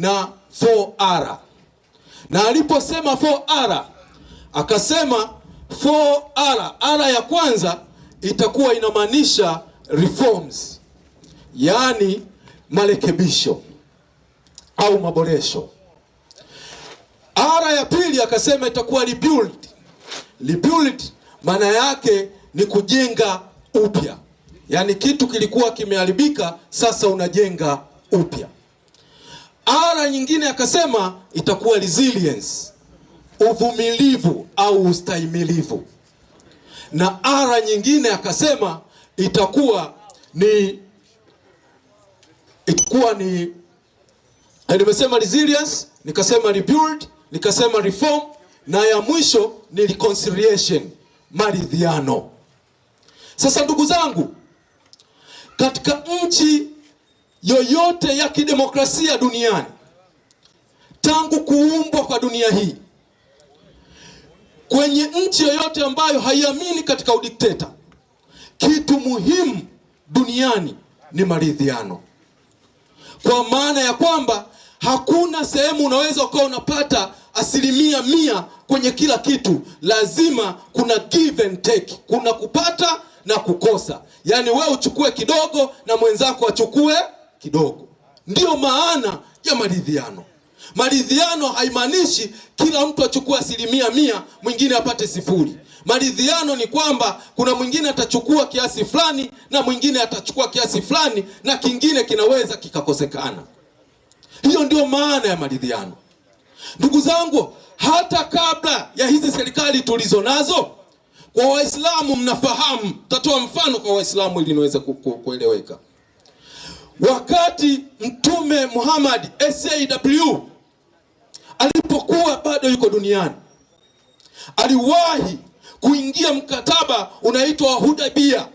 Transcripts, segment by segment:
na 4R. Na aliposema 4R akasema 4R, R ya kwanza itakuwa inamaanisha reforms, yaani marekebisho au maboresho. R ya pili akasema itakuwa rebuild. Rebuild maana yake ni kujenga upya, yaani kitu kilikuwa kimeharibika, sasa unajenga upya. R nyingine akasema itakuwa resilience, uvumilivu au ustahimilivu, na ara nyingine akasema itakuwa ni itakuwa ni nimesema resilience, nikasema rebuild, nikasema reform na ya mwisho ni reconciliation, maridhiano. Sasa ndugu zangu, katika nchi yoyote ya kidemokrasia duniani tangu kuumbwa kwa dunia hii, kwenye nchi yoyote ambayo haiamini katika udikteta, kitu muhimu duniani ni maridhiano, kwa maana ya kwamba hakuna sehemu unaweza ukawa unapata asilimia mia kwenye kila kitu. Lazima kuna give and take, kuna kupata na kukosa, yaani wewe uchukue kidogo na mwenzako achukue kidogo. Ndiyo maana ya maridhiano. Maridhiano haimaanishi kila mtu achukue asilimia mia, mwingine apate sifuri. Maridhiano ni kwamba kuna mwingine atachukua kiasi fulani na mwingine atachukua kiasi fulani na kingine kinaweza kikakosekana. Hiyo ndiyo maana ya maridhiano. Ndugu zangu, hata kabla ya hizi serikali tulizo nazo, kwa Waislamu mnafahamu, tatoa mfano kwa Waislamu ili niweze kueleweka wakati Mtume Muhammad SAW alipokuwa bado yuko duniani aliwahi kuingia mkataba unaitwa Hudabia.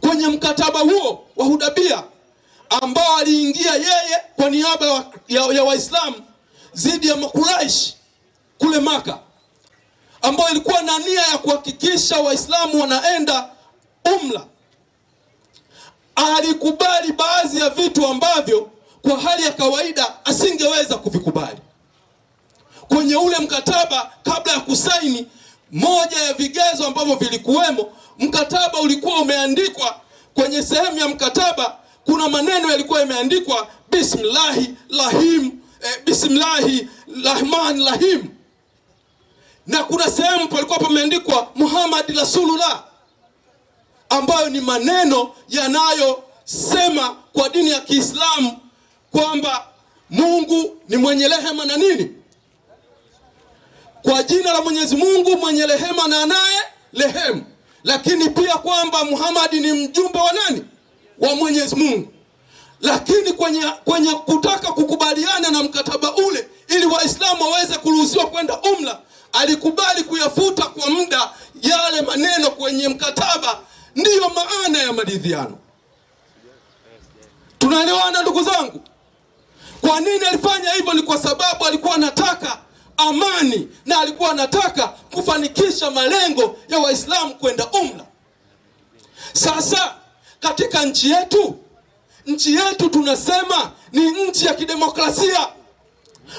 Kwenye mkataba huo wa Hudabia ambao aliingia yeye kwa niaba ya, ya Waislamu dhidi ya Makuraish kule Maka, ambayo ilikuwa na nia ya kuhakikisha Waislamu wanaenda umla alikubali baadhi ya vitu ambavyo kwa hali ya kawaida asingeweza kuvikubali kwenye ule mkataba. Kabla ya kusaini, moja ya vigezo ambavyo vilikuwemo, mkataba ulikuwa umeandikwa kwenye sehemu ya mkataba, kuna maneno yalikuwa yameandikwa bismillahi rahim eh, bismillahi rahman rahim, na kuna sehemu palikuwa pameandikwa Muhammad rasulullah ambayo ni maneno yanayosema kwa dini ya Kiislamu kwamba Mungu ni mwenye rehema na nini, kwa jina la Mwenyezi Mungu mwenye rehema na naye rehemu, lakini pia kwamba Muhamadi ni mjumbe wa nani, wa Mwenyezi Mungu. Lakini kwenye, kwenye kutaka kukubaliana na mkataba ule ili Waislamu waweze kuruhusiwa kwenda umla, alikubali kuyafuta kwa muda yale maneno kwenye mkataba Ndiyo maana ya maridhiano. Tunaelewana ndugu zangu? Kwa nini alifanya hivyo? Ni kwa sababu alikuwa anataka amani na alikuwa anataka kufanikisha malengo ya Waislamu kwenda umra. Sasa katika nchi yetu, nchi yetu tunasema ni nchi ya kidemokrasia.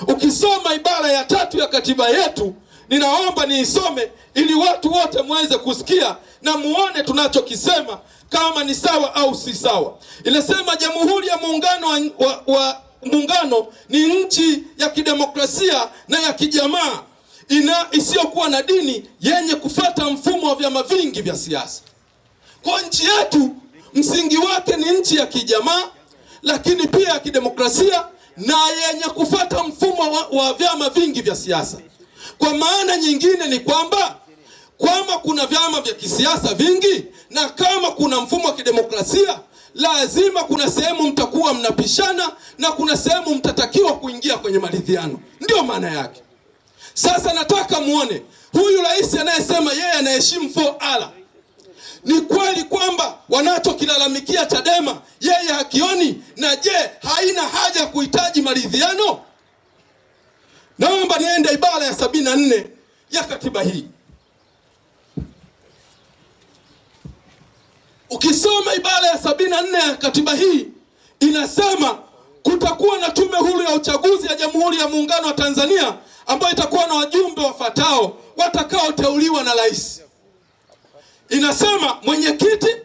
Ukisoma ibara ya tatu ya katiba yetu ninaomba niisome ili watu wote mweze kusikia na muone tunachokisema kama ni sawa au si sawa. Inasema Jamhuri ya Muungano wa, wa, wa Muungano ni nchi ya kidemokrasia na ya kijamaa ina isiyokuwa na dini yenye kufata mfumo wa vyama vingi vya siasa. Kwa nchi yetu msingi wake ni nchi ya kijamaa lakini pia ya kidemokrasia na yenye kufata mfumo wa, wa vyama vingi vya siasa. Kwa maana nyingine ni kwamba kama kuna vyama vya kisiasa vingi na kama kuna mfumo wa kidemokrasia, lazima kuna sehemu mtakuwa mnapishana na kuna sehemu mtatakiwa kuingia kwenye maridhiano, ndio maana yake. Sasa nataka muone huyu rais anayesema yeye anaheshimu 4 ala, ni kweli kwamba wanachokilalamikia Chadema yeye hakioni, na je, haina haja ya kuhitaji maridhiano? Naomba niende ibara ya sabini na nne ya katiba hii. Ukisoma ibara ya sabini na nne ya katiba hii inasema kutakuwa na tume huru ya uchaguzi ya Jamhuri ya Muungano wa Tanzania ambayo itakuwa na wajumbe wafatao watakaoteuliwa na rais. Inasema mwenyekiti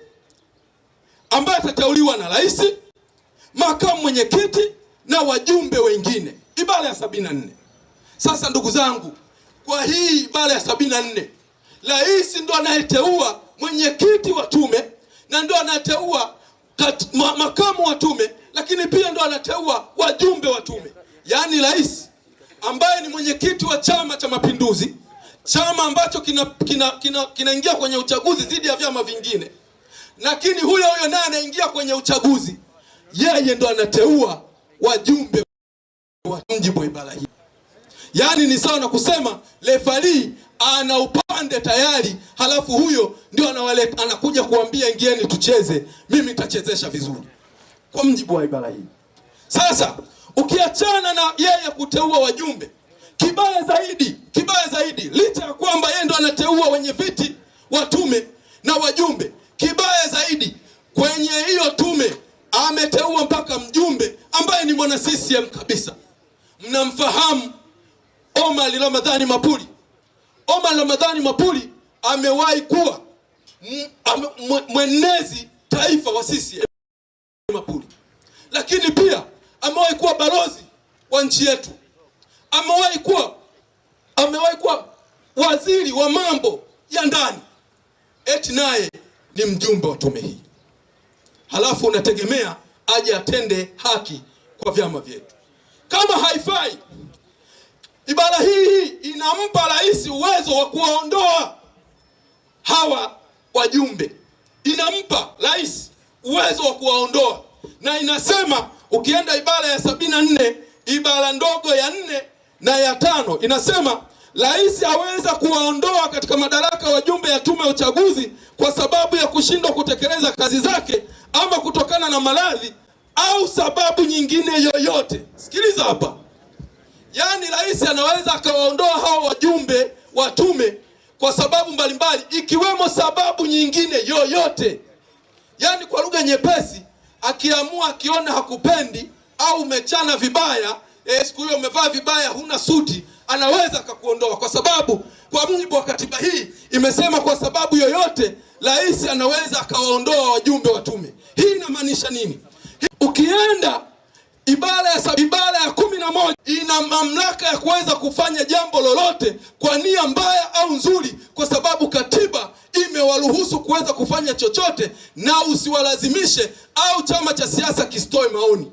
ambaye atateuliwa na rais, makamu mwenyekiti na wajumbe wengine, ibara ya sabini na nne. Sasa ndugu zangu, kwa hii ibara ya sabini na nne rais ndo anayeteua mwenyekiti wa tume na ndo anateua ma makamu wa tume, lakini pia ndo anateua wajumbe wa tume. Yaani rais ambaye ni mwenyekiti wa Chama cha Mapinduzi, chama ambacho kinaingia kina, kina, kina kwenye uchaguzi dhidi ya vyama vingine, lakini huyo huyo naye anaingia kwenye uchaguzi, yeye ndo anateua wajumbe wa mjibu wa ibara hii. Yaani ni sawa na kusema refari ana upande tayari, halafu huyo ndio anawaleta, anakuja kuambia ingieni tucheze, mimi nitachezesha vizuri, kwa mjibu wa ibara hii. Sasa ukiachana na yeye kuteua wajumbe, kibaya zaidi, kibaya zaidi, licha ya kwamba yeye ndo anateua wenye viti wa tume na wajumbe, kibaya zaidi kwenye hiyo tume ameteua mpaka mjumbe ambaye ni mwana CCM kabisa, mnamfahamu Omar Ramadhani Mapuli. Omar Ramadhani Mapuli amewahi kuwa mwenezi taifa wa CCM Mapuli, lakini pia amewahi kuwa balozi wa nchi yetu, amewahi kuwa amewahi kuwa waziri wa mambo ya ndani, eti naye ni mjumbe wa tume hii, halafu unategemea aje atende haki kwa vyama vyetu? Kama haifai Ibara hii inampa rais uwezo wa kuwaondoa hawa wajumbe, inampa rais uwezo wa kuwaondoa na inasema, ukienda ibara ya sabini na nne ibara ndogo ya nne na ya tano inasema rais aweza kuwaondoa katika madaraka wajumbe ya tume ya uchaguzi kwa sababu ya kushindwa kutekeleza kazi zake ama kutokana na maradhi au sababu nyingine yoyote. Sikiliza hapa Yaani rais anaweza akawaondoa hao wajumbe wa tume kwa sababu mbalimbali mbali, ikiwemo sababu nyingine yoyote. Yaani kwa lugha nyepesi, akiamua akiona hakupendi au umechana vibaya eh, siku hiyo umevaa vibaya, huna suti, anaweza akakuondoa kwa sababu kwa mujibu wa katiba hii imesema kwa sababu yoyote rais anaweza akawaondoa wajumbe wa tume. Hii inamaanisha nini? Ukienda Ibara ya ibara ya kumi na moja ina mamlaka ya kuweza kufanya jambo lolote kwa nia mbaya au nzuri, kwa sababu katiba imewaruhusu kuweza kufanya chochote, na usiwalazimishe au chama cha siasa kisitoe maoni,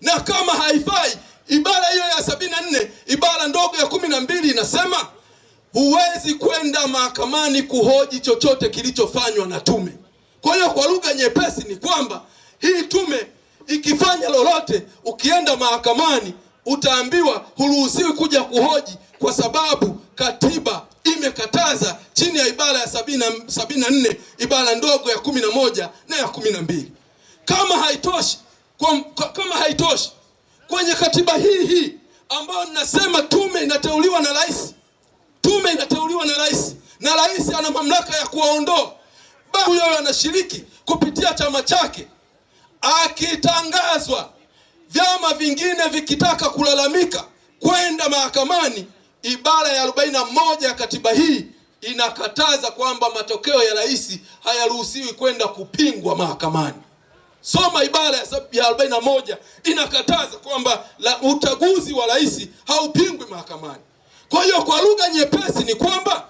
na kama haifai ibara hiyo ya sabini na nne ibara ndogo ya kumi na mbili inasema huwezi kwenda mahakamani kuhoji chochote kilichofanywa na tume. Kwa hiyo kwa lugha nyepesi ni kwamba hii tume ikifanya lolote, ukienda mahakamani utaambiwa huruhusiwi kuja kuhoji kwa sababu katiba imekataza chini ya ibara ya sabini na nne ibara ndogo ya kumi na moja na ya kumi na mbili Kama haitoshi kwa, kama haitoshi kwenye katiba hii hii ambayo ninasema tume inateuliwa na rais, tume inateuliwa na rais na rais ana mamlaka ya kuwaondoa. Huyo anashiriki kupitia chama chake akitangazwa, vyama vingine vikitaka kulalamika kwenda mahakamani, ibara ya 41 ya katiba hii inakataza kwamba matokeo ya rais hayaruhusiwi kwenda kupingwa mahakamani. Soma ibara ya 41 inakataza kwamba uchaguzi wa rais haupingwi mahakamani. Kwa hiyo kwa lugha nyepesi ni kwamba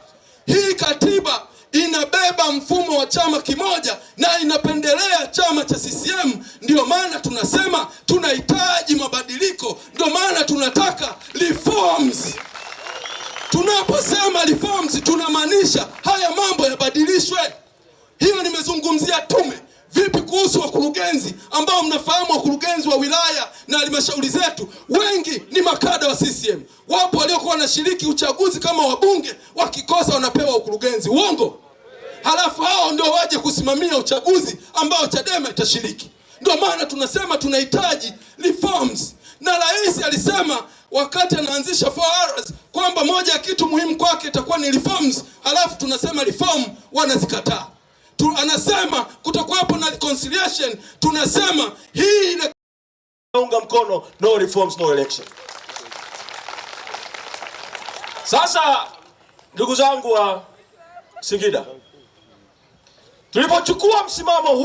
hii katiba inabeba mfumo wa chama kimoja na inapendelea chama cha CCM. Ndio maana tunasema tunahitaji mabadiliko, ndio maana tunataka reforms. Tunaposema reforms, tunamaanisha haya mambo yabadilishwe. Hiyo nimezungumzia tume. Vipi kuhusu wakurugenzi ambao mnafahamu wakurugenzi wa wilaya na halmashauri zetu wengi ni makada wa CCM. Wapo waliokuwa wanashiriki uchaguzi kama wabunge, wakikosa wanapewa ukurugenzi. Uongo? halafu hao ndio waje kusimamia uchaguzi ambao Chadema itashiriki. Ndio maana tunasema tunahitaji reforms, na rais alisema wakati anaanzisha 4Rs kwamba moja ya kitu muhimu kwake itakuwa ni reforms, halafu tunasema reform wanazikataa tu, anasema kutakuwepo na reconciliation, tunasema hii ina unga mkono no reforms no election. Sasa ndugu zangu wa Singida Tulipochukua msimamo huu